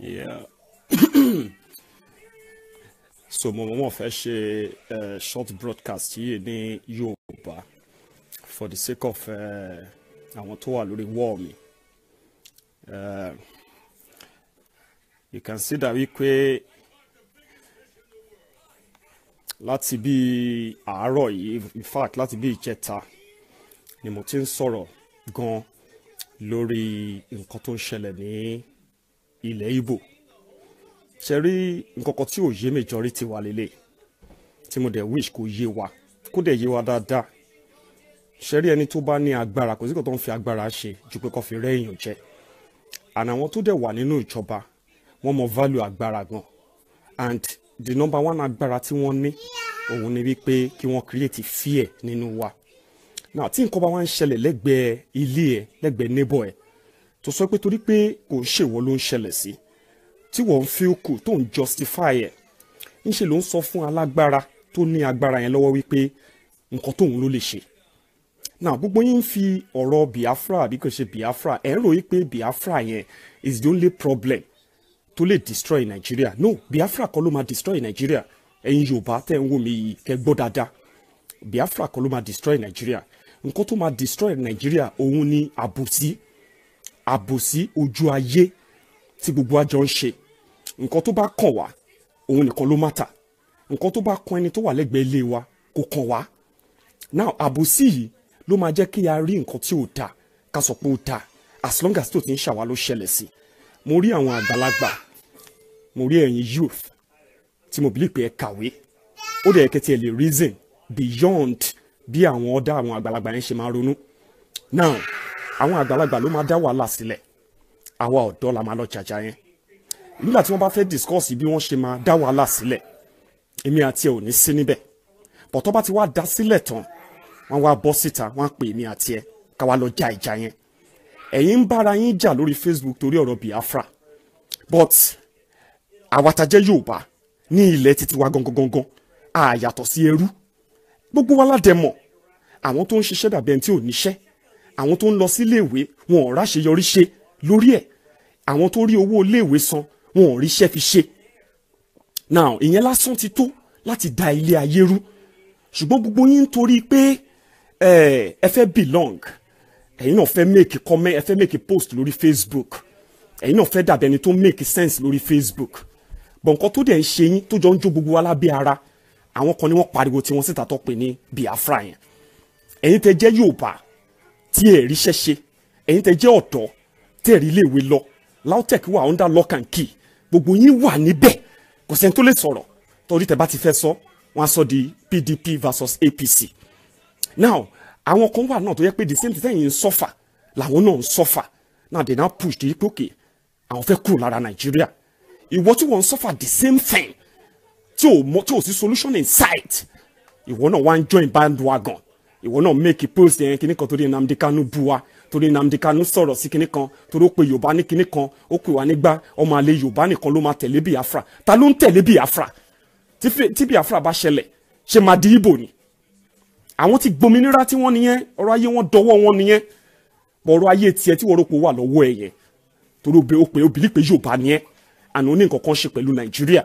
Yeah. so mo mọ̀ fẹ́ ṣe eh, short broadcast yìí ní Yorùbá for the sake of eh, àwọn tó wà lórí wall mi. Eh, you can see that wípé láti bí àárọ̀ yìí in fact láti bí ìjẹta ni mo ti ń sọ̀rọ̀ gan lórí nǹkan tó ń ṣẹlẹ̀ ní ilẹ̀ Ìgbò ṣe rí nkankan tí ò yé majority wa lélẹ̀ tí mo dẹ̀ wish kò yé wa kó dẹ̀ yé wa dáadáa ṣe rí ẹni tó bá ní agbára kò sí kò tó ń fi agbára ṣe ju pé kó fi rẹ́ èèyàn jẹ and àwọn tó dẹ̀ wà nínú ìjọba wọ́n mọ value agbára gan and the number one agbára tí wọ́n ní òun ni wípé kí wọ́n create fear nínú wa now tí nǹkan bá wá ń ṣẹlẹ̀ lẹ́gbẹ̀ẹ́ ilé ẹ̀ lẹ́gbẹ̀ẹ́ neighbor ẹ̀ tó sọ pé torí pé kò ń ṣèwọ ló ń ṣẹlẹ̀ sí tí wọ́n ń fi kù tó ń justify ẹ̀ ńṣe ló ń sọ fún alágbára tó ní agbára yẹn lọ́wọ́ wípé nǹkan tóun ló lè ṣe now gbogbo yín ń fi ọ̀rọ̀ Biafra àbí kò ṣe Biafra ẹ̀ ń ròyìn pé Biafra yẹn is the only problem tó lè destroy Nigeria no Biafra kọ́ ló máa destroy Nigeria ẹ̀yin Yorùbá tẹ́ ń wò mí yìí kẹ́ gbọ́ dáadáa Biafra kọ́ ló máa destroy Nigeria nǹkan tó máa destroy Nigeria òun ni àbùsí àbòsí ojú ayé tí gbogbo àjọ ń ṣe nǹkan tó bá kàn wá òun nìkan ló má ta nǹkan tó bá kan ẹni tó wà lẹ́gbẹ̀ẹ́ ilé wa kò kàn wá now àbòsí yìí ló máa jẹ́ kí a rí nǹkan tí ò da ká sọ pé ó da as long as tó ti ń ṣàwá ló ṣẹlẹ̀ sí mo rí àwọn àgbàlagbà mo rí ẹ̀yin youth tí mo believe pé ẹ kàwé ó dẹ̀ kẹ́tì ẹ̀ lè reason beyond bí àwọn ọ̀dà àwọn àgbàlagbà yẹn ṣe máa ronú now àwọn àgbàlagbà ló máa dá wàhálà sílẹ̀ àwa ọ̀dọ́ la máa lọ jàjà yẹn nígbà tí wọ́n bá fẹ́ discuss bí wọ́n ṣe máa dá wàhálà sílẹ̀ èmi àti ẹ̀ ò ní sí níbẹ̀ bọ̀ tó bá ti wá dá sílẹ̀ tán wọ́n wá bọ́ síta wọ́n á pè èmi àti ẹ̀ ká wá lọ ja ìjà yẹn ẹ̀yin ń bára yín jà lórí Facebook torí ọ̀rọ̀ Biafra but àwa tá jẹ́ Yorùbá ní ilẹ̀ títí wa gangan gangan àyàtọ̀ sí ẹrú gbogbo wa ládẹ mọ̀ àwọn tó ń ṣiṣẹ́ dàbí ẹni tí ò níṣẹ́ àwọn tó ń lọ sí iléèwé wọn ò ráṣeyọrí ṣe lórí ẹ̀ àwọn tó rí owó iléèwé san wọn ò ríṣẹ́ fi ṣe now ìyẹn lásán ti tó láti da ilé ayé rú ṣùgbọ́n gbogbo yín torí pé ẹ fẹ́ belong ẹ̀yin náà fẹ́ make comment ẹ fẹ́ make post lórí Facebook ẹ̀yin náà fẹ́ dàbí ẹni tó make sense lórí Facebook bọ̀ nǹkan tó dẹ̀ ń ṣe yín tó jọ ń jó gbogbo wa lábẹ́ ara àwọn kan ni wọ́n pariwo tiwọn síta tó pè ní Biafra yẹn ẹ̀yin tẹ́ jẹ́ Yorùbá tí ẹ ríṣẹ́ ṣe ẹ̀yin tẹ́ jẹ́ ọ̀dọ́ tẹ́ rí iléèwé lọ LAUTECH wà under lock and key gbogbo yín wà níbẹ̀ kò sẹ́ni tó lè sọ̀rọ̀ torí tẹ́ bá ti fẹ́ sọ wọ́n á sọ di PDP versus APC now àwọn kan wà náà tó yẹ pé the same thing tẹ́yìn ń sọ́fà làwọn náà ń sọ́fà now they now push the ipoke àwọn fẹ́ kúrò lára nàìjíríà ìwọ tí wọ́n ń sọ́fà the same thing tí ò mọ tí ò sí solution in sight ìwọ náà wá ń join bandwagon ìwọ náà make post yẹn kíní kan torí Nnamdi Kanu bu wa torí Nnamdi Kanu sọ̀rọ̀ sí kíní kan torí ó pe Yorùbá ní kíní kan ó pè wá nígbà ọmọ àlè Yorùbá nìkan ló máa tẹ̀lé Biafra ta ló ń tẹ̀lé Biafra tí Biafra bá ṣẹlẹ̀ ṣe máa di Ìgbò ni àwọn ti gbòmìnira tí wọ́n nìyẹn ọ̀rọ̀ ayé wọn dọwọ́ wọn nìyẹn ọ̀rọ̀ ayé tiẹ̀ tí wọ́n rò pé wà lọ́wọ́ ẹ̀ yẹn torí ó pe obìnrin pé Yorùbá ni ẹ́ àná ní nǹkan kan ṣe pẹ̀lú Nàìjíríà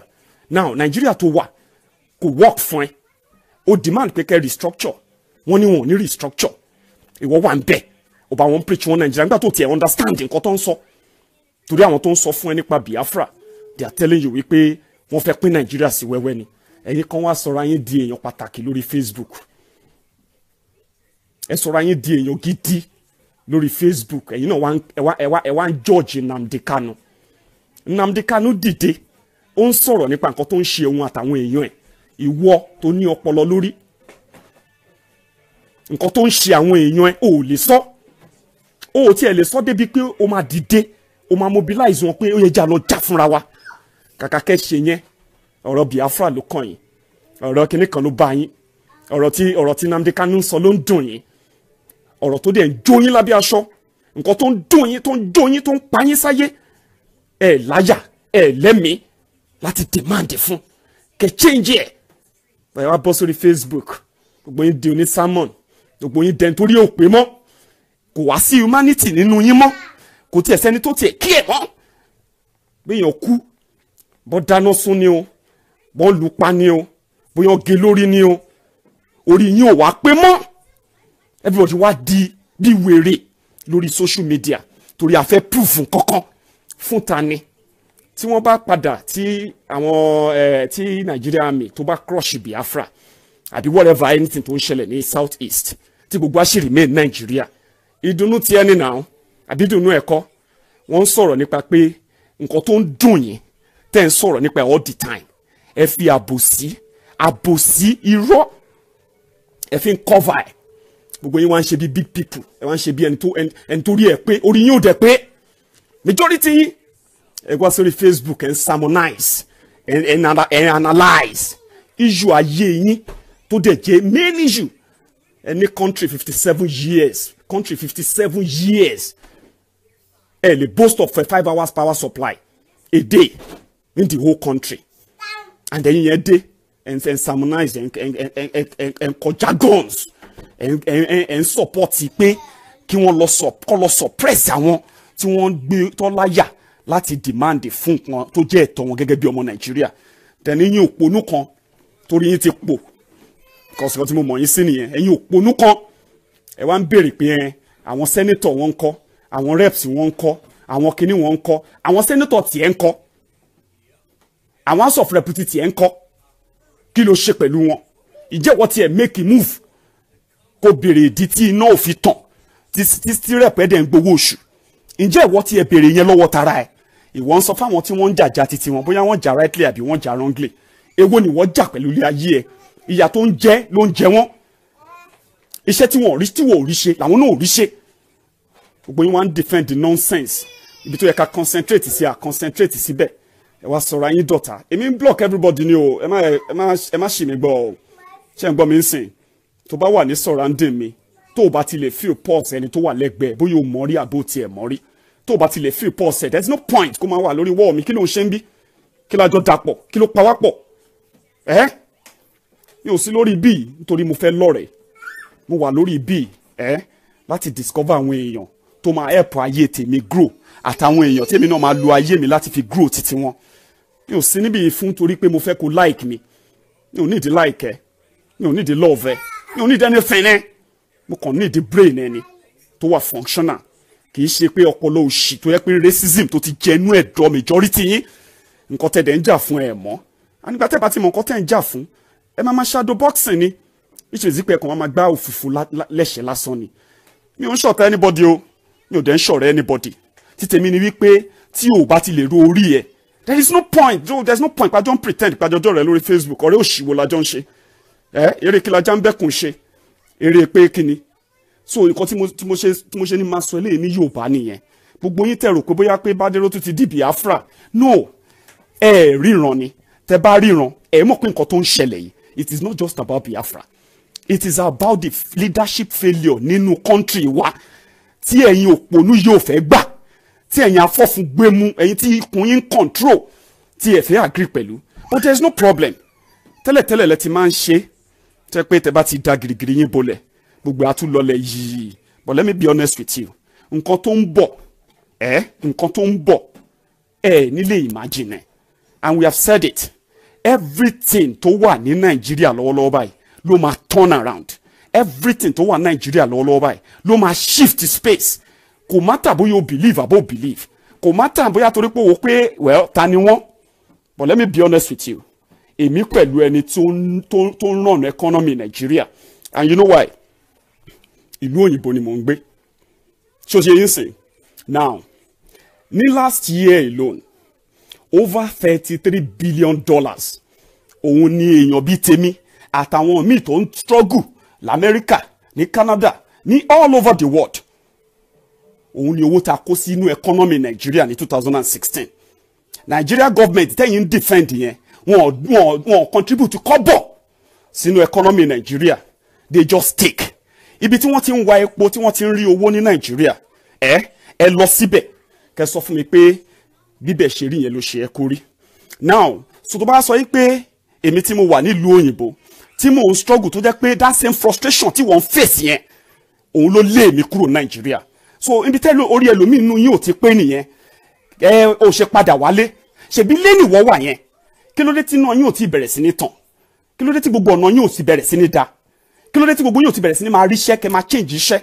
now Nàìjíríà tó wà kò work fún ẹ o demand pé kẹ́ restructure wọ́n ní wọn ò ní restructure ìwọ wà ń bẹ̀ ọba wọn preach wọn nàìjíríà nígbà tó tiẹ̀ understand nǹkan tó ń sọ torí àwọn tó ń sọ fún ẹ nípa biafra they are telling you wípé wọ́n fẹ́ pín nàìjíríà sí wẹ́wẹ́ ni ẹ̀yin kan wá sọ̀rọ̀ ayé di èèyàn pàtàkì lórí facebook ẹ sọ̀rọ̀ ayé di èèyàn gidi lórí facebook ẹ̀yin náà ẹ wá ń george nnamdi kanu nnamdi kanu dìde ó ń sọ̀rọ̀ nípa nǹkan tó ń ṣe òun àtàwọn èèyàn ẹ̀ ìwọ tó ní ọpọlọ lórí nǹkan tó ń ṣe àwọn èèyàn ẹ o ò lè sọ o ò tiẹ̀ lè sọ débi pé o máa dìde o máa mobilize wọn pé ó yẹ jà lọ jà fúnra wa kàkà kẹ́ ṣe yẹn ọ̀rọ̀ Biafra ló kàn yín ọ̀rọ̀ kinní kan ló bá yín ọ̀rọ̀ tí ọ̀rọ̀ tí Nnamdi Kanu ń sọ ló ń dùn yín ọ̀rọ̀ tó dẹ̀ ń jó yín lábẹ́ aṣọ nǹkan tó ń dùn yín tó ń jó yín tó ń pa yín sáyé ẹ̀ láyà ẹ̀ lẹ́mìí láti dèmáàdì fún kẹ́ change ẹ̀ báyọ̀ wá bọ́ sórí Facebook gbogbo yín di oní sermon gbogbo yín dẹ̀ nítorí ò pé mọ́ kò wá sí humanity nínú yín mọ́ kò tiẹ̀ sẹ́ni tó tiẹ̀ kí ẹ̀ mọ́ béèyàn kú bọ́ dáná sún ni o bọ́ lù pa ni o bóyá gé lórí ni o orí yín ò wá pé mọ́ everybody wá di bí wèrè lórí social media torí a fẹ́ kankan fún ta ni tí wọ́n bá padà tí àwọn ẹ̀ tí Nigeria army tó bá crush Biafra àbí whatever anything tó ń ṣẹlẹ̀ ní south east tí gbogbo á sì remain nàìjíríà ìdùnnú ti ẹni nà án àbí ìdùnnú ẹ̀kọ́ wọ́n ń sọ̀rọ̀ nípa pé nǹkan tó ń dùn yín tẹ́ ń sọ̀rọ̀ nípa all the time ẹ fi àbòsí àbòsí irọ́ ẹ fi ń cover ẹ̀ gbogbo yín wá ń ṣe bí big people ẹ wá ń ṣe bí ẹni tó ẹni tó rí ẹ pé orí yín ò dẹ̀ pé majority yín ẹ wá sórí Facebook ẹ ń sermonize ẹ ń analyze issue ayé yín tó dẹ̀ jẹ́ main issue Any country fifty seven years country fifty seven years ẹ lè boast of a five hours power supply a day in the whole country and ẹ̀yin yẹn dé and ń sermonize ẹ̀ ń kọjá guns ẹ̀ ń support pé kí wọ́n lọ suppress àwọn tí wọ́n ń gbé tọ́láyà láti demand fún nǹkan tó jẹ́ ẹ̀tọ́ wọn gẹ́gẹ̀ bí ọmọ nàìjíríà tẹ̀lé yín òpònú kan torí yín ti pò kọsìkọ tí mo mọ̀ yín sí nìyẹn ẹ̀yin òpònú kan ẹ wá ń béèrè pé ẹ àwọn sẹ́nítọ̀ wọn ń kọ́ àwọn reps wọn ń kọ́ àwọn kinní wọn ń kọ́ àwọn sẹ́nítọ̀ tiẹ̀ ń kọ́ àwọn house of representatives tiẹ̀ ń kọ́ kí ló ṣe pẹ̀lú wọn ìjẹ́ ìwọ tiẹ̀ make a move kó béèrè ìdí tí iná ò fi tàn tí rep ẹ̀ dẹ̀ ń gbowó oṣù ǹjẹ́ ìwọ tiẹ̀ béèrè yẹn lọ́wọ́ tara ẹ̀ ìwọ ń sọ fáwọn tí wọ́n ń jàjà titi wọn bóyá wọ́n jà rightly àbí wọ́n jà wrongly èwo ni wọ́n jà pẹ̀lú ilé ayé ẹ̀ ìyà tó ń jẹ ló ń jẹ wọ́n iṣẹ́ tí wọ́n rí tí wọ́n ò rí ṣe làwọn náà ò rí ṣe gbogbo yín wá ń defend the nonsense ibi tó yẹ ká concentrate sí à concentrate síbẹ̀ ẹ wá sọ̀rọ̀ ayín dọ̀tà èmi ń block everybody ni o ẹ má ẹ má ṣì mí gbọ́ o ṣé ń gbọ́ mi ń sìn tó bá wà ní surrounding mi tó o bá ti lè feel pulse ẹni tó wà lẹ́gbẹ̀ẹ́ bóyá o mọ̀ rí àbó tiẹ̀ mọ̀ rí tó o bá ti lè feel pulse ẹ̀ there is no point kó máa wà lórí wall mi kí ló ń ṣe ń bí kí lájọ dàpọ̀ kí ló pa wá pọ̀ ẹ́ eh? mi ò sí lórí bíi nítorí mo fẹ́ lọ́rẹ̀ẹ́ mo wà lórí bíi ẹ láti discover àwọn èèyàn tó máa help ayé tèmi grow àtàwọn èèyàn tèmi náà máa lo ayé mi láti fi grow títí wọn mi ò sí níbi fún torí pé mo fẹ́ kó like mi mi ò nídìí like ẹ mi ò nídìí love ẹ mi ò nídìí anything ẹ mo kàn nídìí brain ẹni tó wà functional kì í ṣe pé ọpọlọ òṣì tó yẹ pé racism tó ti jẹnú ẹ̀dọ̀ majority yín nǹkan tẹ̀dẹ̀ ń jà fún ẹ̀ mọ́ ànígbà tẹ́ bá ti mọ nǹkan tẹ́ ń jà fún ẹ máa máa shadow boxing ni which means pé ẹ̀kan wọn máa gbá òfùfù lẹ́sẹ̀ lásán ni mi ò ń ṣọ̀tá anybody o mi ò dẹ̀ ń ṣọ̀rẹ́ anybody títẹ̀mí ni wípé tí o bá ti lè ro orí ẹ̀ there is no point there is no point pàjọ́ ń pretend pàjọ́ jọ̀ rẹ̀ lórí facebook ọ̀rẹ́ òṣìwò la jọ ń ṣe ẹ eré kí la já ń bẹ́kùn ṣe eré pé kíni so nǹkan tí mo tí mo ṣe tí mo ṣe ní máa sọ eléyìí ní yorùbá nìyẹn gbogbo yín tẹ̀rò pé bóyá pé bádéró tún ti di biafra no ẹ ríran ni tẹ bá ríran ẹ mọ̀ pé nǹkan tó ń ṣẹlẹ̀ yìí it is not just about Biafra it is about the leadership failure nínú country wa tí ẹ̀yin òpònú yóò fẹ́ gbà tí ẹ̀yin afọ́fun gbé mu ẹ̀yin tí ikùn yín control tí ẹ fẹ́ agree pẹ̀lú but there is no problem tẹ́lẹ̀tẹ́lẹ̀ lẹ ti máa ń ṣe tẹ́ pé tẹ́ bá ti da gìrìgìrì yín bolẹ̀ gbogbo àtúlọlẹ̀ yìí but let me be honest with you nǹkan tó ń bọ̀ ẹ̀ nǹkan tó ń bọ̀ ẹ̀ nílé imagine and we have said it everything tó wà ní nàìjíríà lọ́wọ́lọ́wọ́ báyìí ló máa turn around everything tó wà ní nàìjíríà lọ́wọ́lọ́wọ́ báyìí ló máa shift space kò má tà bóyá o believe àbó believe kò má tà bóyá torí pé o pé well ta ni wọ́n but let me be honest with you èmi pẹ̀lú ẹni tó ń ràn economy nàìjíríà and you know why ìlú òyìnbó ni mò ń gbé ṣó ṣe yín sìn now ní last year alone over thirty three billion dollars òun ni èèyàn bíi tèmi àtàwọn míì tó ń struggle lamẹ́ríkà ní Canada ní all over the world òun ni owó tá kó sínú economy Nigeria ní two thousand and sixteen Nigeria government tẹ́yìn ń defend yẹn wọn wọn wọn contribute kọ́bọ̀ sínú economy Nigeria they just take ibi tí wọ́n ti ń wa epo tí wọ́n ti ń rí owó ní Nigeria ẹ ẹ lọ síbẹ̀ kẹ́ sọ fún mi pé bíbẹ̀ ṣe rí yẹn ló ṣe ẹ́ kó rí now so tó bá sọ yí pé èmi tí mo wà nílùú òyìnbó tí mò ń struggle tó jẹ́ pé that same frustration tí wọ́n ń face yẹn òun ló lé mi kúrò nàìjíríà so ibi tẹ́lẹ̀ orí ẹlòmíì inú yín ò ti pé nìyẹn ẹ ò ṣe padà wálé ṣèbí lẹ́nì wọ́ wà yẹn kí ló dé tí iná yín ò ti bẹ̀rẹ̀ sí ní tàn kí ló dé tí gbogbo ọ̀nà yín ò ti bẹ̀rẹ̀ sí ní da kí ló dé tí gbogbo yín ò ti bẹ̀rẹ̀ sí ní máa ríṣẹ́ kẹ́ máa change iṣẹ́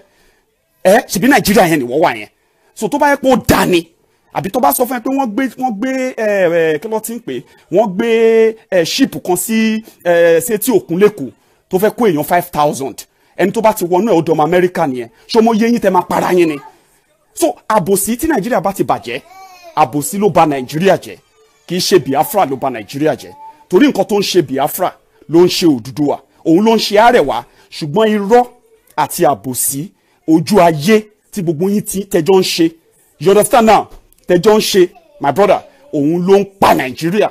ẹ ṣèbí nàìjíríà yẹn nìwọ́ wà yẹn so tó bá yẹ pé ó da ni àbí tó bá sọ fún ẹ pé wọ́n gbé wọ́n gbé kí ló ti ń pè wọ́n gbé ṣíìpù kan sí sétí òkun lẹ́kọ̀ọ́ tó fẹ́ kó èèyàn five thousand ẹni tó bá ti wọnú ẹ̀ ó dọ̀mọ amẹ́ríkà nìyẹn ṣé ọmọ yé yín tẹ máa para yín ni so àbòsí tí nàìjíríà bá ti bàjẹ́ àbòsí ló ba nàìjíríà jẹ́ kì í ṣe biafra ló ba nàìjíríà jẹ́ torí nǹkan tó ń ṣe biafra ló ń ṣe Odùduwà òun ló ń ṣe àrẹwà ṣùgbọ́n irọ́ àti àbòsí ojú ayé tí gbogbo yín tẹjọ́ ń ṣe you understand now tẹjọ́ ń ṣe my brother òun ló ń pa nàìjíríà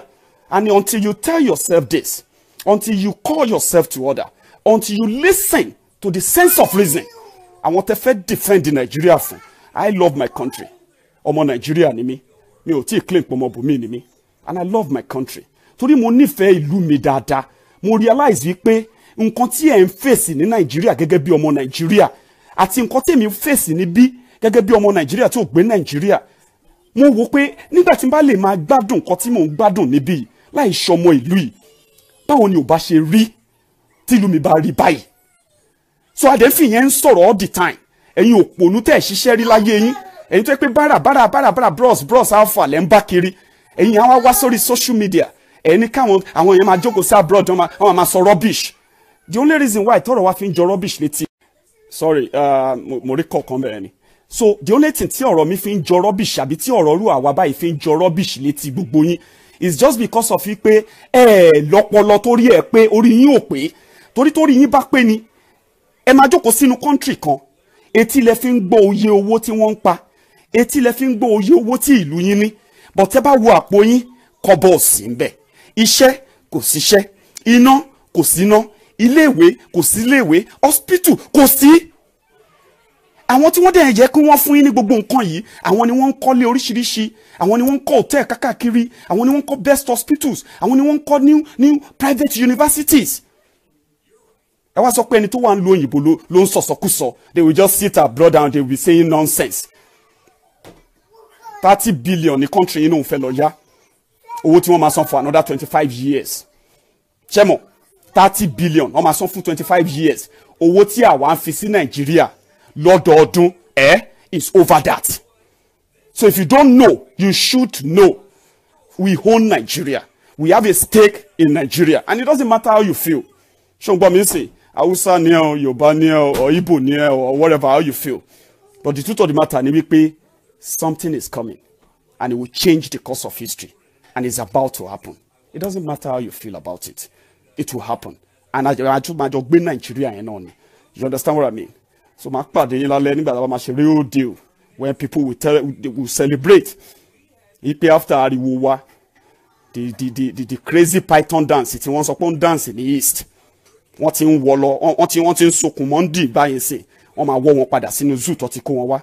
and until you tell yourself this until you call yourself to order until you listen to the sense of reason àwọn tẹ fẹ́ defend the nàìjíríà fún i love my country ọmọ nàìjíríà ni mí mi ò tí ì claim pọmọ ni mí and i love my country torí mo nífẹ̀ẹ́ ìlú mi dáadáa mo realize wípé nǹkan tí ẹ̀ ń fèsì ní nàìjíríà gẹ́gẹ́ bí ọmọ nàìjíríà àti nǹkan tèmi fèsì níbí gẹ́gẹ́ bí ọmọ nàìjíríà tí ò gbé nàìjíríà mo wò pé nígbà tí n bá lè máa gbádùn nǹkan tí mò ń gbádùn níbí láì ṣọmọ ìlú yìí báwo ni ò bá ṣe rí tìlú mi bá rí báyìí so adẹ́fì yẹn ń sọ̀rọ̀ all the time ẹ̀yin òpònú tẹ̀ ṣiṣẹ́ rí láyé yín ẹ̀yin tó yẹ pé bára bára bára bára bros bros alpha lẹ́ ń bá kiri ẹ̀yin àwa wá sórí social media ẹni káwọn àwọn yẹn máa jókòó sí abroad wọn máa sọ rubbish the only reason why tọrọ wa fi ń jọ rubbish létí sorry uh, mo rí kọ̀ọ̀kan bẹ́ẹ̀ ni so the only thing tí ọ̀rọ̀ mi fi ń jọ rubbish àbí tí ọ̀rọ̀ rú àwa báyìí fi ń jọ rubbish létí gbogbo yín is just because of wípé ẹ ẹ lọ́pọlọ torí ẹ pé orí yín ò pé torí torí yín bá pé ni ẹ máa jókòó sínú country kan etí lẹ fi ń gbọ́ oye owó tí wọ́n ń pa etí lẹ fi ń gbọ́ oye owó tí ìlú yín ní but ẹ bá wo àpò yín kọ́bọ̀ sí ń bẹ̀ iṣẹ́ kò síṣẹ́ iná kò síná iléèwé kò sí iléèwé hospital kò sí àwọn tí wọ́n dẹ̀ jẹ́ kí wọ́n fún yín ní gbogbo nǹkan yìí àwọn ni wọ́n ń kọ́lé oríṣiríṣi àwọn ni wọ́n ń kọ́ hòtẹ́ẹ̀ kákàkiri àwọn ni wọ́n ń kọ́ best hospitals àwọn ni wọ́n ń kọ́ new new private universities. ẹ wá sọ pé ẹni tó wà ń lo òyìnbó ló ń sọ̀sọ̀kúsọ they will just sit abroad and they will be saying nonsense. thirty billion ní country yìí ló ń fẹ́ lọ yá owó tí wọ́n máa san for another twenty five years. ṣẹ́mọ̀ thirty billion wọ́n máa san fún twenty five years owó tí àwa ń fi sí nàìjíríà lọ́dọọdún eh, is over that. So if you don't know, you should know. We own Nigeria. We have a stake in Nigeria. And it doesn't matter how you feel. Ṣùgbọ́n mi sìn, Hausa ni ẹ, Yorùbá ni ẹ, or Igbo ni ẹ, or whatever how you feel. But the truth of the matter ni wípé something is coming and it will change the course of history and it's about to happen. It doesn't matter how you feel about it. It will happen. And I, I, I just gbé Nigeria yẹn náà ni. You understand what I mean? so máa pàdé yín lálẹ́ nígbà tá a bá real deal when people will, tell, they will celebrate ipe after ariwo wa the the the the, crazy python dance It wọ́n sọ dance in the east wọ́n ti ń wọ lọ wọ́n ti wọ́n ti ń sokùn monday báyìí sìn wọ́n máa wọ́ wọn padà sínú zoo tó ti kó wọn wá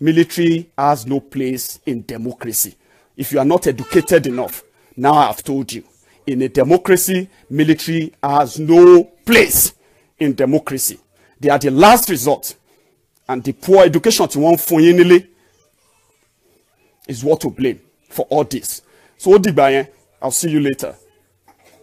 military has no place in democracy if you are not educated enough now i have told you in a democracy military has no place in democracy they are the last resort and the poor education to one ń fún yín is what to blame for all this so ó dìgbà yẹn i'll see you later.